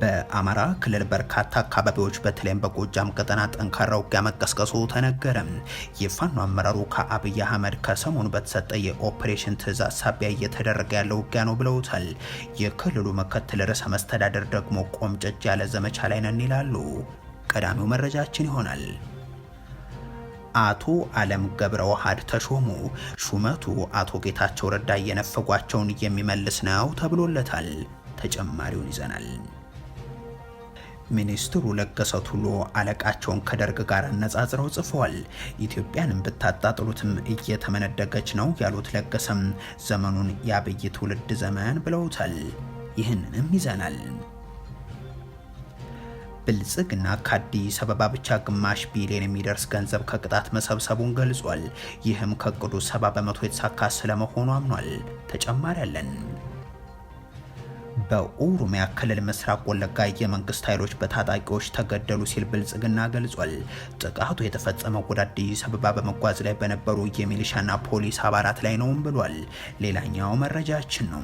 በአማራ ክልል በርካታ አካባቢዎች በተለይም በጎጃም ቀጠና ጠንካራ ውጊያ መቀስቀሱ ተነገረም። የፋኖ አመራሩ ከአብይ አህመድ ከሰሞኑ በተሰጠ የኦፕሬሽን ትዕዛዝ ሳቢያ እየተደረገ ያለው ውጊያ ነው ብለውታል። የክልሉ ምክትል ርዕሰ መስተዳደር ደግሞ ቆምጨጭ ያለ ዘመቻ ላይ ነን ይላሉ። ቀዳሚው መረጃችን ይሆናል። አቶ አለም ገብረ ዋህድ ተሾሙ። ሹመቱ አቶ ጌታቸው ረዳ እየነፈጓቸውን የሚመልስ ነው ተብሎለታል። ተጨማሪውን ይዘናል። ሚኒስትሩ ለገሰ ቱሉ አለቃቸውን ከደርግ ጋር አነጻጽረው ጽፈዋል። ኢትዮጵያንም ብታጣጥሉትም እየተመነደገች ነው ያሉት ለገሰም ዘመኑን የአብይ ትውልድ ዘመን ብለውታል። ይህንንም ይዘናል። ብልጽግና ከአዲስ አበባ ብቻ ግማሽ ቢሊዮን የሚደርስ ገንዘብ ከቅጣት መሰብሰቡን ገልጿል። ይህም ከቅዱ ሰባ በመቶ የተሳካ ስለመሆኑ አምኗል። ተጨማሪ አለን። በኦሮሚያ ክልል ምስራቅ ወለጋ የመንግስት ኃይሎች በታጣቂዎች ተገደሉ ሲል ብልጽግና ገልጿል። ጥቃቱ የተፈጸመው ወደ አዲስ አበባ በመጓዝ ላይ በነበሩ የሚሊሻና ፖሊስ አባላት ላይ ነውም ብሏል። ሌላኛው መረጃችን ነው።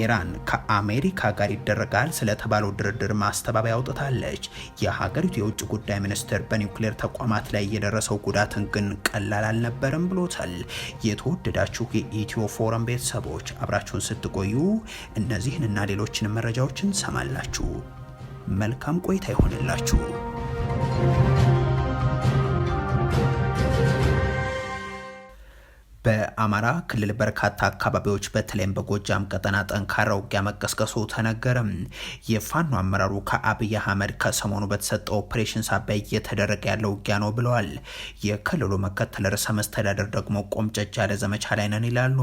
ኢራን ከአሜሪካ ጋር ይደረጋል ስለተባለው ድርድር ማስተባበያ አውጥታለች። የሀገሪቱ የውጭ ጉዳይ ሚኒስትር በኒውክሌር ተቋማት ላይ የደረሰው ጉዳትን ግን ቀላል አልነበረም ብሎታል። የተወደዳችሁ የኢትዮ ፎረም ቤተሰቦች አብራችሁን ስትቆዩ እነዚህንና ሌሎችንም መረጃዎችን ሰማላችሁ። መልካም ቆይታ ይሆንላችሁ። በአማራ ክልል በርካታ አካባቢዎች በተለይም በጎጃም ቀጠና ጠንካራ ውጊያ መቀስቀሱ ተነገረ። የፋኖ አመራሩ ከአብይ አህመድ ከሰሞኑ በተሰጠው ኦፕሬሽን ሳቢያ እየተደረገ ያለው ውጊያ ነው ብለዋል። የክልሉ መከተል ርዕሰ መስተዳደር ደግሞ ቆምጨጭ ያለ ዘመቻ ላይ ነን ይላሉ።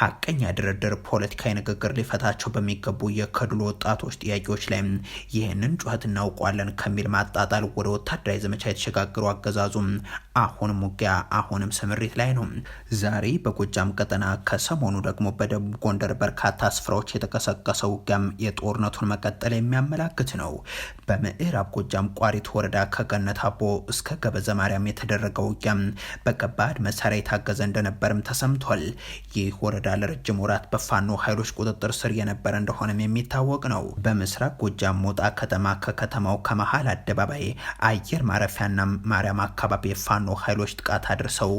ሀቀኛ ድርድር፣ ፖለቲካዊ ንግግር ሊፈታቸው በሚገቡ የክልሉ ወጣቶች ጥያቄዎች ላይ ይህንን ጩኸት እናውቋለን ከሚል ማጣጣል ወደ ወታደራዊ ዘመቻ የተሸጋገሩ አገዛዙም አሁንም ውጊያ አሁንም ስምሪት ላይ ነው። ዛሬ በጎጃም ቀጠና ከሰሞኑ ደግሞ በደቡብ ጎንደር በርካታ ስፍራዎች የተቀሰቀሰው ውጊያም የጦርነቱን መቀጠል የሚያመላክት ነው። በምዕራብ ጎጃም ቋሪት ወረዳ ከገነት አቦ እስከ ገበዘ ማርያም የተደረገው ውጊያም በከባድ መሳሪያ የታገዘ እንደነበርም ተሰምቷል። ይህ ወረዳ ለረጅም ወራት በፋኖ ኃይሎች ቁጥጥር ስር የነበረ እንደሆነም የሚታወቅ ነው። በምስራቅ ጎጃም ሞጣ ከተማ ከከተማው ከመሀል አደባባይ አየር ማረፊያና ማርያም አካባቢ የፋኖ ኃይሎች ጥቃት አድርሰው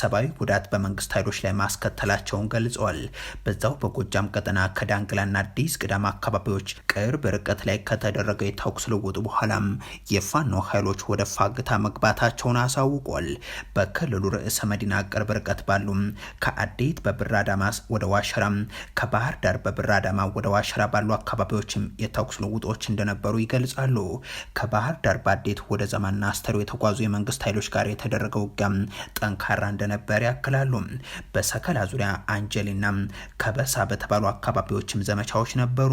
ሰብአዊ ጉዳት በ በመንግስት ኃይሎች ላይ ማስከተላቸውን ገልጸዋል። በዛው በጎጃም ቀጠና ከዳንግላና አዲስ ቅዳም አካባቢዎች ቅርብ ርቀት ላይ ከተደረገ የተኩስ ልውውጥ በኋላም የፋኖ ኃይሎች ወደ ፋግታ መግባታቸውን አሳውቋል። በክልሉ ርዕሰ መዲና ቅርብ ርቀት ባሉም ከአዴት በብራ አዳማ ወደ ዋሸራ፣ ከባህር ዳር በብር አዳማ ወደ ዋሸራ ባሉ አካባቢዎችም የተኩስ ልውጦች እንደነበሩ ይገልጻሉ። ከባህር ዳር በአዴት ወደ ዘማና አስተሩ የተጓዙ የመንግስት ኃይሎች ጋር የተደረገው ውጊያም ጠንካራ እንደነበር ያክላሉ። ይገኛሉ። በሰከላ ዙሪያ አንጀሊና ከበሳ በተባሉ አካባቢዎችም ዘመቻዎች ነበሩ።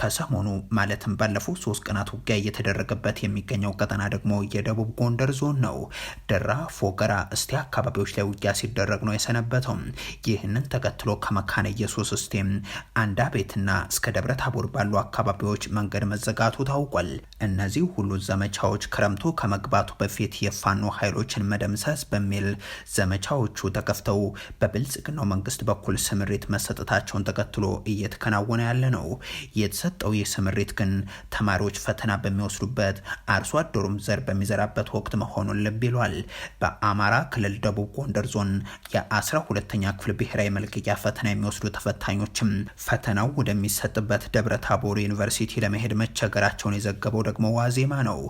ከሰሞኑ ማለትም ባለፉት ሶስት ቀናት ውጊያ እየተደረገበት የሚገኘው ቀጠና ደግሞ የደቡብ ጎንደር ዞን ነው። ደራ፣ ፎገራ፣ እስቲ አካባቢዎች ላይ ውጊያ ሲደረግ ነው የሰነበተው። ይህንን ተከትሎ ከመካነ ኢየሱስ እስቴ አንዳ ቤትና እስከ ደብረ ታቦር ባሉ አካባቢዎች መንገድ መዘጋቱ ታውቋል። እነዚህ ሁሉ ዘመቻዎች ክረምቱ ከመግባቱ በፊት የፋኖ ኃይሎችን መደምሰስ በሚል ዘመቻዎቹ ተከፍተ ተከፍተው በብልጽግናው መንግስት በኩል ስምሪት መሰጠታቸውን ተከትሎ እየተከናወነ ያለ ነው። የተሰጠው ይህ ስምሪት ግን ተማሪዎች ፈተና በሚወስዱበት አርሶ አደሩም ዘር በሚዘራበት ወቅት መሆኑን ልብ ይሏል። በአማራ ክልል ደቡብ ጎንደር ዞን የአስራ ሁለተኛ ክፍል ብሔራዊ መልቀቂያ ፈተና የሚወስዱ ተፈታኞችም ፈተናው ወደሚሰጥበት ደብረ ታቦር ዩኒቨርሲቲ ለመሄድ መቸገራቸውን የዘገበው ደግሞ ዋዜማ ነው።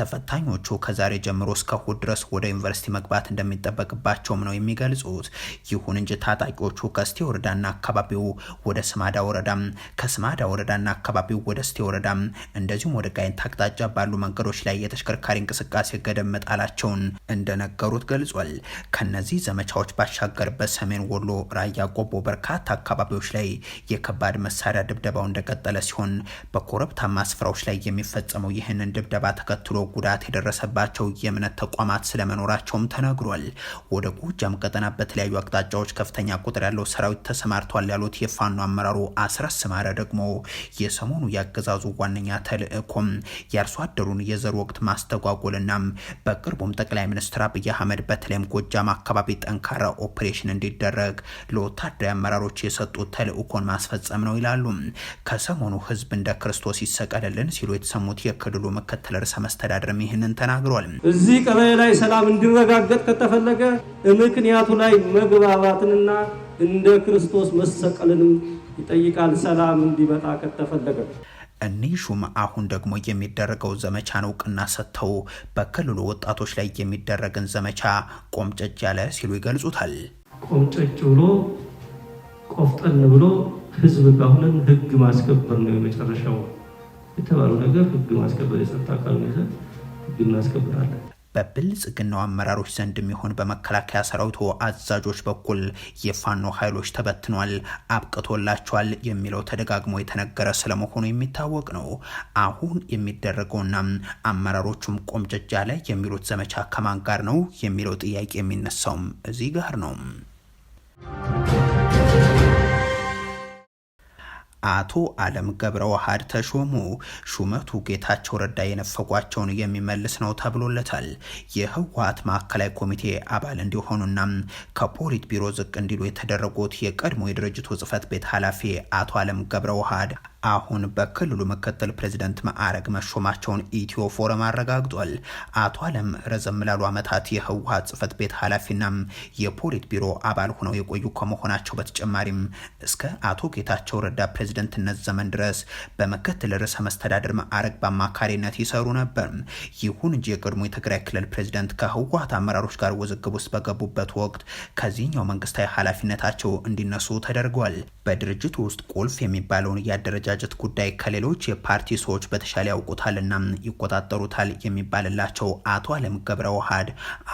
ተፈታኞቹ ከዛሬ ጀምሮ እስከ እሁድ ድረስ ወደ ዩኒቨርሲቲ መግባት እንደሚጠበቅባቸውም ነው የሚገልጹት። የገለጹት። ይሁን እንጂ ታጣቂዎቹ ከእስቴ ወረዳና አካባቢው ወደ ስማዳ ወረዳ፣ ከስማዳ ወረዳና አካባቢው ወደ እስቴ ወረዳ እንደዚሁም ወደ ጋይንት አቅጣጫ ባሉ መንገዶች ላይ የተሽከርካሪ እንቅስቃሴ ገደብ መጣላቸውን እንደነገሩት ገልጿል። ከነዚህ ዘመቻዎች ባሻገር በሰሜን ወሎ ራያ ቆቦ በርካታ አካባቢዎች ላይ የከባድ መሳሪያ ድብደባው እንደቀጠለ ሲሆን በኮረብታማ ስፍራዎች ላይ የሚፈጸመው ይህንን ድብደባ ተከትሎ ጉዳት የደረሰባቸው የእምነት ተቋማት ስለመኖራቸውም ተነግሯል። ወደ ጎጃም ቀጠና በተለያዩ አቅጣጫዎች ከፍተኛ ቁጥር ያለው ሰራዊት ተሰማርቷል ያሉት የፋኖ አመራሩ አስረስ ማረ ደግሞ የሰሞኑ ያገዛዙ ዋነኛ ተልእኮም የአርሶ አደሩን የዘር ወቅት ማስተጓጎልና በቅርቡም ጠቅላይ ሚኒስትር አብይ አህመድ በተለይም ጎጃም አካባቢ ጠንካራ ኦፕሬሽን እንዲደረግ ለወታደራዊ አመራሮች የሰጡት ተልእኮን ማስፈጸም ነው ይላሉ። ከሰሞኑ ህዝብ እንደ ክርስቶስ ይሰቀልልን ሲሉ የተሰሙት የክልሉ ምክትል ርዕሰ መስተዳድርም ይህንን ተናግሯል። እዚህ ቀበሌ ላይ ሰላም እንዲረጋገጥ ከተፈለገ ምክንያቱ ላይ መግባባትንና እንደ ክርስቶስ መሰቀልንም ይጠይቃል ሰላም እንዲመጣ ከተፈለገ። እኒህ ሹም አሁን ደግሞ የሚደረገው ዘመቻን እውቅና ሰጥተው በክልሉ ወጣቶች ላይ የሚደረግን ዘመቻ ቆምጨጭ ያለ ሲሉ ይገልጹታል። ቆምጨጭ ብሎ ቆፍጠን ብሎ ህዝብ ጋሁንን ህግ ማስከበር ነው የመጨረሻው የተባለው ነገር ህግ ማስከበር የጸጥታ አካል ነው ይዘት ህግ እናስከብራለን በብልጽግናው አመራሮች ዘንድ የሚሆን በመከላከያ ሰራዊቱ አዛዦች በኩል የፋኖ ኃይሎች ተበትኗል፣ አብቅቶላቸዋል የሚለው ተደጋግሞ የተነገረ ስለመሆኑ የሚታወቅ ነው። አሁን የሚደረገውና አመራሮቹም ቆምጀጃ ላይ የሚሉት ዘመቻ ከማን ጋር ነው የሚለው ጥያቄ የሚነሳውም እዚህ ጋር ነው። አቶ አለም ገብረ ዋህድ ተሾሙ። ሹመቱ ጌታቸው ረዳ የነፈጓቸውን የሚመልስ ነው ተብሎለታል። የህወሀት ማዕከላዊ ኮሚቴ አባል እንዲሆኑና ከፖሊት ቢሮ ዝቅ እንዲሉ የተደረጉት የቀድሞ የድርጅቱ ጽህፈት ቤት ኃላፊ አቶ አለም ገብረ ዋህድ አሁን በክልሉ ምክትል ፕሬዚደንት ማዕረግ መሾማቸውን ኢትዮ ፎረም አረጋግጧል። አቶ አለም ረዘም ላሉ ዓመታት የህወሀት ጽህፈት ቤት ኃላፊና የፖሊት ቢሮ አባል ሆነው የቆዩ ከመሆናቸው በተጨማሪም እስከ አቶ ጌታቸው ረዳ ፕሬዚደንትነት ዘመን ድረስ በምክትል ርዕሰ መስተዳድር ማዕረግ በአማካሪነት ይሰሩ ነበር። ይሁን እንጂ የቀድሞ የትግራይ ክልል ፕሬዚደንት ከህወሀት አመራሮች ጋር ውዝግብ ውስጥ በገቡበት ወቅት ከዚህኛው መንግስታዊ ኃላፊነታቸው እንዲነሱ ተደርገዋል። በድርጅቱ ውስጥ ቁልፍ የሚባለውን እያደረጀ አደረጃጀት ጉዳይ ከሌሎች የፓርቲ ሰዎች በተሻለ ያውቁታልና ይቆጣጠሩታል የሚባልላቸው አቶ አለም ገብረ ውሃድ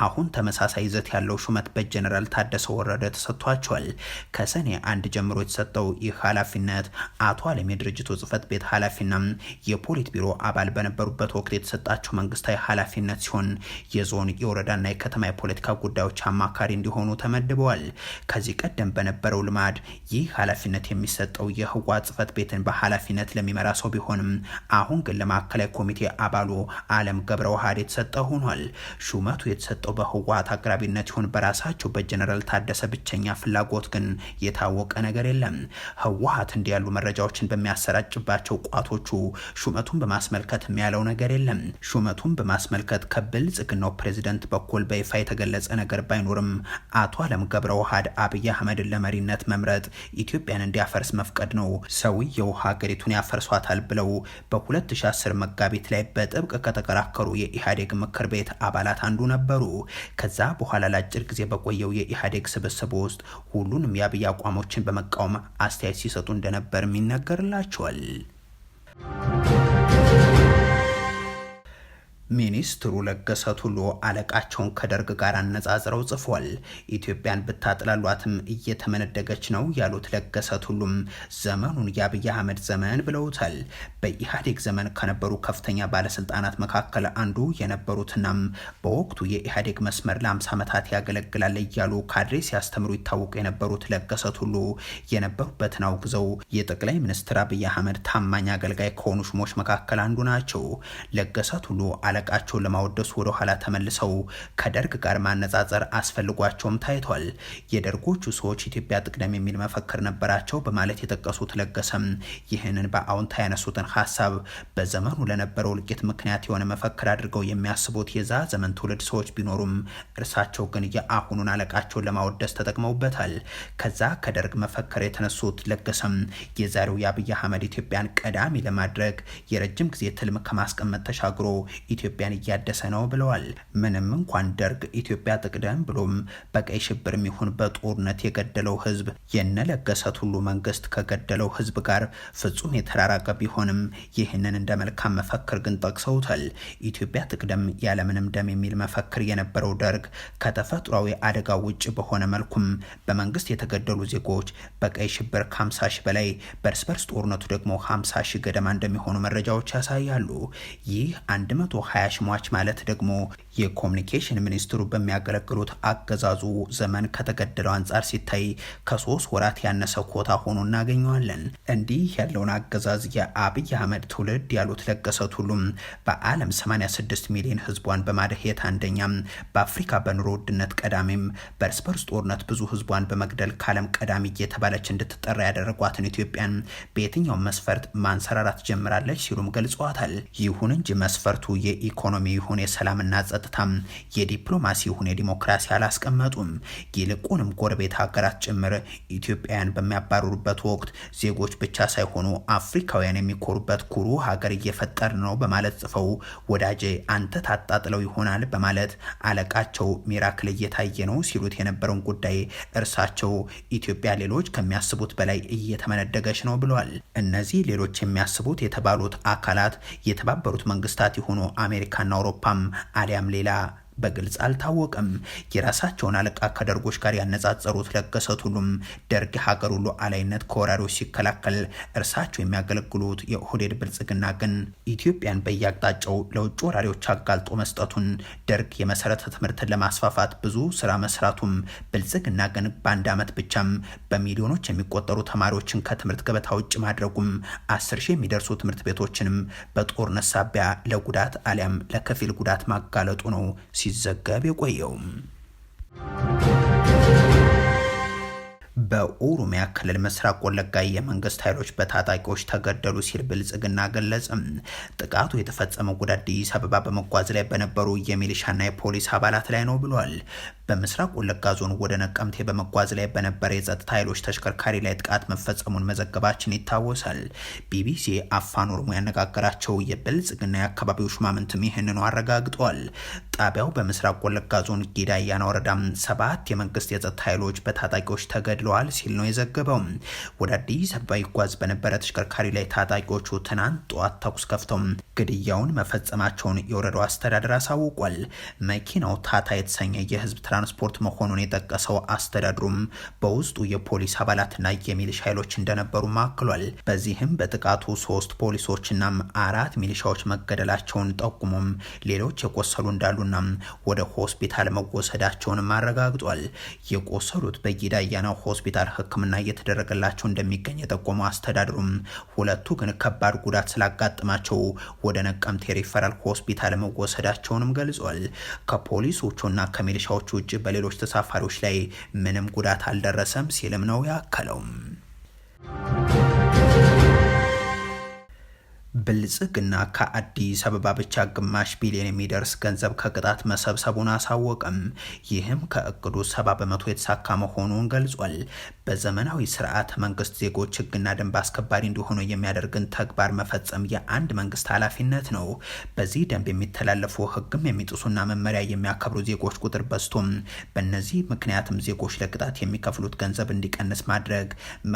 አሁን ተመሳሳይ ይዘት ያለው ሹመት በጀኔራል ታደሰ ወረደ ተሰጥቷቸዋል። ከሰኔ አንድ ጀምሮ የተሰጠው ይህ ኃላፊነት አቶ አለም የድርጅቱ ጽህፈት ቤት ኃላፊና የፖሊት ቢሮ አባል በነበሩበት ወቅት የተሰጣቸው መንግስታዊ ኃላፊነት ሲሆን የዞን የወረዳና የከተማ የፖለቲካ ጉዳዮች አማካሪ እንዲሆኑ ተመድበዋል። ከዚህ ቀደም በነበረው ልማድ ይህ ኃላፊነት የሚሰጠው የህዋ ጽህፈት ቤትን ኃላፊነት ለሚመራ ሰው ቢሆንም አሁን ግን ለማዕከላዊ ኮሚቴ አባሉ አለም ገብረ ውሃድ የተሰጠ ሆኗል። ሹመቱ የተሰጠው በህወሀት አቅራቢነት ይሁን በራሳቸው በጀነራል ታደሰ ብቸኛ ፍላጎት ግን የታወቀ ነገር የለም። ህወሀት እንዲህ ያሉ መረጃዎችን በሚያሰራጭባቸው ቋቶቹ ሹመቱን በማስመልከት የሚያለው ነገር የለም። ሹመቱን በማስመልከት ከብልጽግናው ፕሬዚደንት በኩል በይፋ የተገለጸ ነገር ባይኖርም አቶ አለም ገብረ ውሃድ አብይ አህመድን ለመሪነት መምረጥ ኢትዮጵያን እንዲያፈርስ መፍቀድ ነው። ሰውየው ሀገሪቱን ያፈርሷታል ብለው በ2010 መጋቢት ላይ በጥብቅ ከተከራከሩ የኢህአዴግ ምክር ቤት አባላት አንዱ ነበሩ። ከዛ በኋላ ለአጭር ጊዜ በቆየው የኢህአዴግ ስብስብ ውስጥ ሁሉንም የአብይ አቋሞችን በመቃወም አስተያየት ሲሰጡ እንደነበርም ይነገርላቸዋል። ሚኒስትሩ ለገሰ ቱሉ አለቃቸውን ከደርግ ጋር አነጻጽረው ጽፏል። ኢትዮጵያን ብታጥላሏትም እየተመነደገች ነው ያሉት ለገሰ ቱሉም ዘመኑን የአብይ አህመድ ዘመን ብለውታል። በኢህአዴግ ዘመን ከነበሩ ከፍተኛ ባለስልጣናት መካከል አንዱ የነበሩትናም በወቅቱ የኢህአዴግ መስመር ለ50 ዓመታት ያገለግላል እያሉ ካድሬ ሲያስተምሩ ይታወቁ የነበሩት ለገሰ ቱሉ የነበሩበትን አውግዘው የጠቅላይ ሚኒስትር አብይ አህመድ ታማኝ አገልጋይ ከሆኑ ሹሞች መካከል አንዱ ናቸው። ለገሰ ቱሉ አለ ለማወደስ ለማወደሱ ኋላ ተመልሰው ከደርግ ጋር ማነጻጸር አስፈልጓቸውም ታይቷል። የደርጎቹ ሰዎች ኢትዮጵያ ጥቅደም የሚል መፈክር ነበራቸው በማለት የጠቀሱት ለገሰም ይህንን በአዎንታ ያነሱትን ሀሳብ በዘመኑ ለነበረው እልቂት ምክንያት የሆነ መፈክር አድርገው የሚያስቡት የዛ ዘመን ትውልድ ሰዎች ቢኖሩም እርሳቸው ግን የአሁኑን አለቃቸውን ለማወደስ ተጠቅመውበታል። ከዛ ከደርግ መፈክር የተነሱት ለገሰም የዛሬው የአብይ አህመድ ኢትዮጵያን ቀዳሚ ለማድረግ የረጅም ጊዜ ትልም ከማስቀመጥ ተሻግሮ ኢትዮጵያን እያደሰ ነው ብለዋል። ምንም እንኳን ደርግ ኢትዮጵያ ጥቅደም ብሎም በቀይ ሽብር የሚሆን በጦርነት የገደለው ህዝብ የነለገሰት ሁሉ መንግስት ከገደለው ህዝብ ጋር ፍጹም የተራራቀ ቢሆንም ይህንን እንደ መልካም መፈክር ግን ጠቅሰውታል። ኢትዮጵያ ጥቅደም ያለምንም ደም የሚል መፈክር የነበረው ደርግ ከተፈጥሯዊ አደጋ ውጭ በሆነ መልኩም በመንግስት የተገደሉ ዜጎች በቀይ ሽብር ከ50 ሺህ በላይ በርስ በርስ ጦርነቱ ደግሞ 50 ሺህ ገደማ እንደሚሆኑ መረጃዎች ያሳያሉ። ይህ 1 ሀያሽ ሟች ማለት ደግሞ የኮሚኒኬሽን ሚኒስትሩ በሚያገለግሉት አገዛዙ ዘመን ከተገደለው አንጻር ሲታይ ከሶስት ወራት ያነሰ ኮታ ሆኖ እናገኘዋለን። እንዲህ ያለውን አገዛዝ የአብይ አህመድ ትውልድ ያሉት ለገሰ ቱሉም በዓለም 86 ሚሊዮን ህዝቧን በማድሄት አንደኛም፣ በአፍሪካ በኑሮ ውድነት ቀዳሚም፣ በእርስ በርስ ጦርነት ብዙ ህዝቧን በመግደል ከዓለም ቀዳሚ እየተባለች እንድትጠራ ያደረጓትን ኢትዮጵያን በየትኛውም መስፈርት ማንሰራራት ጀምራለች ሲሉም ገልጸዋታል። ይሁን እንጂ መስፈርቱ የ የኢኮኖሚ ይሁን የሰላምና ጸጥታም የዲፕሎማሲ ይሁን የዲሞክራሲ አላስቀመጡም። ይልቁንም ጎረቤት ሀገራት ጭምር ኢትዮጵያውያን በሚያባርሩበት ወቅት ዜጎች ብቻ ሳይሆኑ አፍሪካውያን የሚኮሩበት ኩሩ ሀገር እየፈጠር ነው በማለት ጽፈው ወዳጄ አንተ ታጣጥለው ይሆናል በማለት አለቃቸው ሚራክል እየታየ ነው ሲሉት የነበረውን ጉዳይ እርሳቸው ኢትዮጵያ ሌሎች ከሚያስቡት በላይ እየተመነደገች ነው ብለዋል። እነዚህ ሌሎች የሚያስቡት የተባሉት አካላት የተባበሩት መንግስታት የሆኑ አሜሪካና አውሮፓም አሊያም ሌላ በግልጽ አልታወቀም። የራሳቸውን አለቃ ከደርጎች ጋር ያነጻጸሩት ለገሰት ሁሉም ደርግ ሀገሩ ሉዓላዊነት ከወራሪዎች ሲከላከል እርሳቸው የሚያገለግሉት የኦህዴድ ብልጽግና ግን ኢትዮጵያን በየአቅጣጫው ለውጭ ወራሪዎች አጋልጦ መስጠቱን፣ ደርግ የመሰረተ ትምህርትን ለማስፋፋት ብዙ ስራ መስራቱም፣ ብልጽግና ግን በአንድ ዓመት ብቻም በሚሊዮኖች የሚቆጠሩ ተማሪዎችን ከትምህርት ገበታ ውጭ ማድረጉም፣ አስር ሺህ የሚደርሱ ትምህርት ቤቶችንም በጦርነት ሳቢያ ለጉዳት አሊያም ለከፊል ጉዳት ማጋለጡ ነው ሲዘገብ የቆየውም በኦሮሚያ ክልል ምስራቅ ወለጋ የመንግስት ኃይሎች በታጣቂዎች ተገደሉ ሲል ብልጽግና ገለጽም። ጥቃቱ የተፈጸመው ወደ አዲስ አበባ በመጓዝ ላይ በነበሩ የሚሊሻና የፖሊስ አባላት ላይ ነው ብሏል። በምስራቅ ወለጋ ዞን ወደ ነቀምቴ በመጓዝ ላይ በነበረ የጸጥታ ኃይሎች ተሽከርካሪ ላይ ጥቃት መፈጸሙን መዘገባችን ይታወሳል። ቢቢሲ አፋን ኦሮሞ ያነጋገራቸው የብልጽግና የአካባቢው ሹማምንትም ይህንኑ አረጋግጧል። ጣቢያው በምስራቅ ወለጋ ዞን ጌዳያና ወረዳም ሰባት የመንግስት የጸጥታ ኃይሎች በታጣቂዎች ተገደ ገድለዋል ሲል ነው የዘገበው። ወደ አዲስ አበባ ይጓዝ በነበረ ተሽከርካሪ ላይ ታጣቂዎቹ ትናንት ጠዋት ተኩስ ከፍተው ግድያውን መፈጸማቸውን የወረዳው አስተዳደር አሳውቋል። መኪናው ታታ የተሰኘ የህዝብ ትራንስፖርት መሆኑን የጠቀሰው አስተዳድሩም በውስጡ የፖሊስ አባላትና የሚሊሻ ኃይሎች እንደነበሩ ማክሏል። በዚህም በጥቃቱ ሶስት ፖሊሶችና አራት ሚሊሻዎች መገደላቸውን ጠቁሞም ሌሎች የቆሰሉ እንዳሉና ወደ ሆስፒታል መወሰዳቸውንም አረጋግጧል። የቆሰሉት በጊዳያና ሆስፒታል ሕክምና እየተደረገላቸው እንደሚገኝ የጠቆመው አስተዳድሩም ሁለቱ ግን ከባድ ጉዳት ስላጋጠማቸው ወደ ነቀምቴ ሪፈራል ሆስፒታል መወሰዳቸውንም ገልጿል። ከፖሊሶቹና ከሚሊሻዎቹ ውጭ በሌሎች ተሳፋሪዎች ላይ ምንም ጉዳት አልደረሰም ሲልም ነው ያከለውም። ብልጽግና ከአዲስ አበባ ብቻ ግማሽ ቢሊዮን የሚደርስ ገንዘብ ከቅጣት መሰብሰቡን አሳወቅም። ይህም ከእቅዱ ሰባ በመቶ የተሳካ መሆኑን ገልጿል። በዘመናዊ ስርዓት መንግስት ዜጎች ህግና ደንብ አስከባሪ እንዲሆኑ የሚያደርግን ተግባር መፈጸም የአንድ መንግስት ኃላፊነት ነው። በዚህ ደንብ የሚተላለፉ ህግም የሚጥሱና መመሪያ የሚያከብሩ ዜጎች ቁጥር በዝቶም በእነዚህ ምክንያትም ዜጎች ለቅጣት የሚከፍሉት ገንዘብ እንዲቀንስ ማድረግ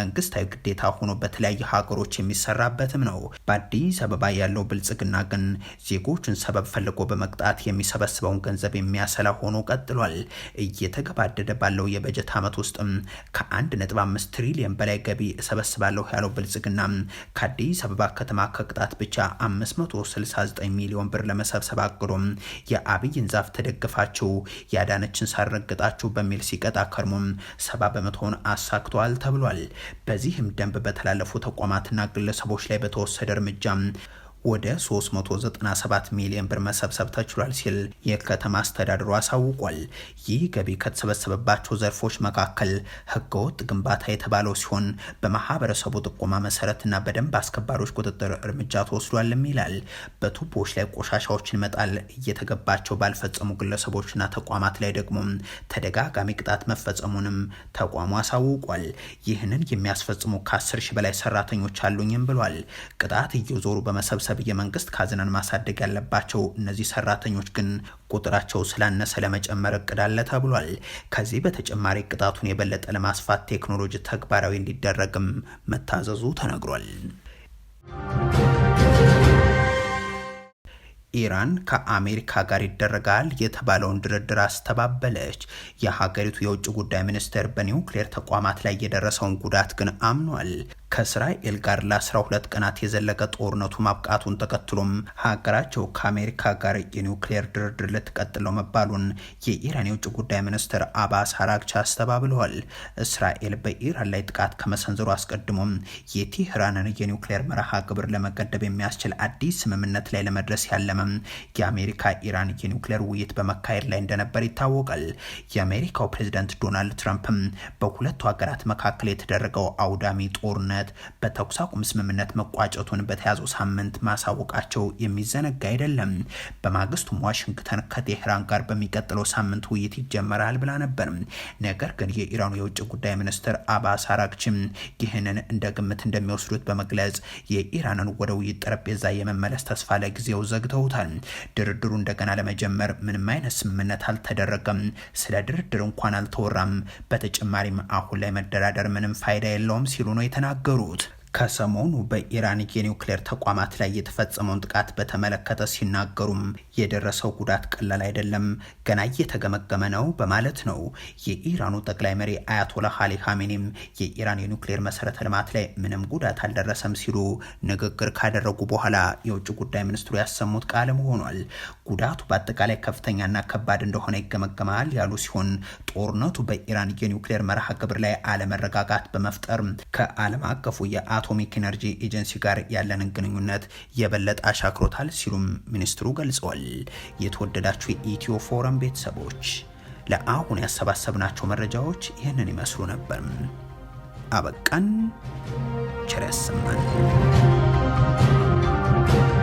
መንግስታዊ ግዴታ ሆኖ በተለያዩ ሀገሮች የሚሰራበትም ነው። አዲስ አበባ ያለው ብልጽግና ግን ዜጎቹን ሰበብ ፈልጎ በመቅጣት የሚሰበስበውን ገንዘብ የሚያሰላ ሆኖ ቀጥሏል። እየተገባደደ ባለው የበጀት ዓመት ውስጥም ከ1.5 ትሪሊየን በላይ ገቢ እሰበስባለሁ ያለው ብልጽግና ከአዲስ አበባ ከተማ ከቅጣት ብቻ 569 ሚሊዮን ብር ለመሰብሰብ አቅዶ የአብይን ዛፍ ተደግፋችሁ ያዳነችን ሳረግጣችሁ በሚል ሲቀጣ ከርሞም ሰባ በመቶውን አሳክተዋል ተብሏል። በዚህም ደንብ በተላለፉ ተቋማትና ግለሰቦች ላይ በተወሰደ እርምጃ um, ወደ 397 ሚሊዮን ብር መሰብሰብ ተችሏል ሲል የከተማ አስተዳደሩ አሳውቋል። ይህ ገቢ ከተሰበሰበባቸው ዘርፎች መካከል ህገወጥ ግንባታ የተባለው ሲሆን በማህበረሰቡ ጥቆማ መሰረትና በደንብ አስከባሪዎች ቁጥጥር እርምጃ ተወስዷልም ይላል። በቱቦዎች ላይ ቆሻሻዎችን መጣል እየተገባቸው ባልፈጸሙ ግለሰቦችና ተቋማት ላይ ደግሞ ተደጋጋሚ ቅጣት መፈጸሙንም ተቋሙ አሳውቋል። ይህንን የሚያስፈጽሙ ከ10 ሺህ በላይ ሰራተኞች አሉኝም ብሏል። ቅጣት እየዞሩ በመሰብሰብ የአብይ መንግስት ካዝናን ማሳደግ ያለባቸው እነዚህ ሰራተኞች ግን ቁጥራቸው ስላነሰ ለመጨመር እቅድ አለ ተብሏል። ከዚህ በተጨማሪ ቅጣቱን የበለጠ ለማስፋት ቴክኖሎጂ ተግባራዊ እንዲደረግም መታዘዙ ተነግሯል። ኢራን ከአሜሪካ ጋር ይደረጋል የተባለውን ድርድር አስተባበለች። የሀገሪቱ የውጭ ጉዳይ ሚኒስቴር በኒውክሌር ተቋማት ላይ የደረሰውን ጉዳት ግን አምኗል። ከእስራኤል ጋር ለ12 ቀናት የዘለቀ ጦርነቱ ማብቃቱን ተከትሎም ሀገራቸው ከአሜሪካ ጋር የኒውክሌር ድርድር ልትቀጥለው መባሉን የኢራን የውጭ ጉዳይ ሚኒስትር አባስ አራግቻ አስተባብለዋል። እስራኤል በኢራን ላይ ጥቃት ከመሰንዘሩ አስቀድሞም የቴህራንን የኒውክሌር መርሃ ግብር ለመገደብ የሚያስችል አዲስ ስምምነት ላይ ለመድረስ ያለመም የአሜሪካ ኢራን የኒውክሌር ውይይት በመካሄድ ላይ እንደነበር ይታወቃል። የአሜሪካው ፕሬዚደንት ዶናልድ ትራምፕም በሁለቱ ሀገራት መካከል የተደረገው አውዳሚ ጦርነት ጦርነት በተኩስ አቁም ስምምነት መቋጨቱን በተያዘው ሳምንት ማሳወቃቸው የሚዘነጋ አይደለም። በማግስቱም ዋሽንግተን ከቴህራን ጋር በሚቀጥለው ሳምንት ውይይት ይጀመራል ብላ ነበር። ነገር ግን የኢራኑ የውጭ ጉዳይ ሚኒስትር አባስ አራግችም ይህንን እንደ ግምት እንደሚወስዱት በመግለጽ የኢራንን ወደ ውይይት ጠረጴዛ የመመለስ ተስፋ ለጊዜው ዘግተውታል። ድርድሩ እንደገና ለመጀመር ምንም አይነት ስምምነት አልተደረገም። ስለ ድርድር እንኳን አልተወራም። በተጨማሪም አሁን ላይ መደራደር ምንም ፋይዳ የለውም ሲሉ ነው የተናገሩ ተናገሩት። ከሰሞኑ በኢራን የኒውክሌር ተቋማት ላይ የተፈጸመውን ጥቃት በተመለከተ ሲናገሩም የደረሰው ጉዳት ቀላል አይደለም፣ ገና እየተገመገመ ነው በማለት ነው። የኢራኑ ጠቅላይ መሪ አያቶላህ አሊ ሀሜኒም የኢራን የኒውክሌር መሰረተ ልማት ላይ ምንም ጉዳት አልደረሰም ሲሉ ንግግር ካደረጉ በኋላ የውጭ ጉዳይ ሚኒስትሩ ያሰሙት ቃል ሆኗል። ጉዳቱ በአጠቃላይ ከፍተኛና ከባድ እንደሆነ ይገመገማል ያሉ ሲሆን ጦርነቱ በኢራን የኒውክሌር መርሃ ግብር ላይ አለመረጋጋት በመፍጠር ከዓለም አቀፉ የአ ከአቶሚክ ኤነርጂ ኤጀንሲ ጋር ያለንን ግንኙነት የበለጠ አሻክሮታል ሲሉም ሚኒስትሩ ገልጸዋል። የተወደዳችሁ የኢትዮ ፎረም ቤተሰቦች ለአሁን ያሰባሰብናቸው መረጃዎች ይህንን ይመስሉ ነበር። አበቃን። ቸር ያሰማን።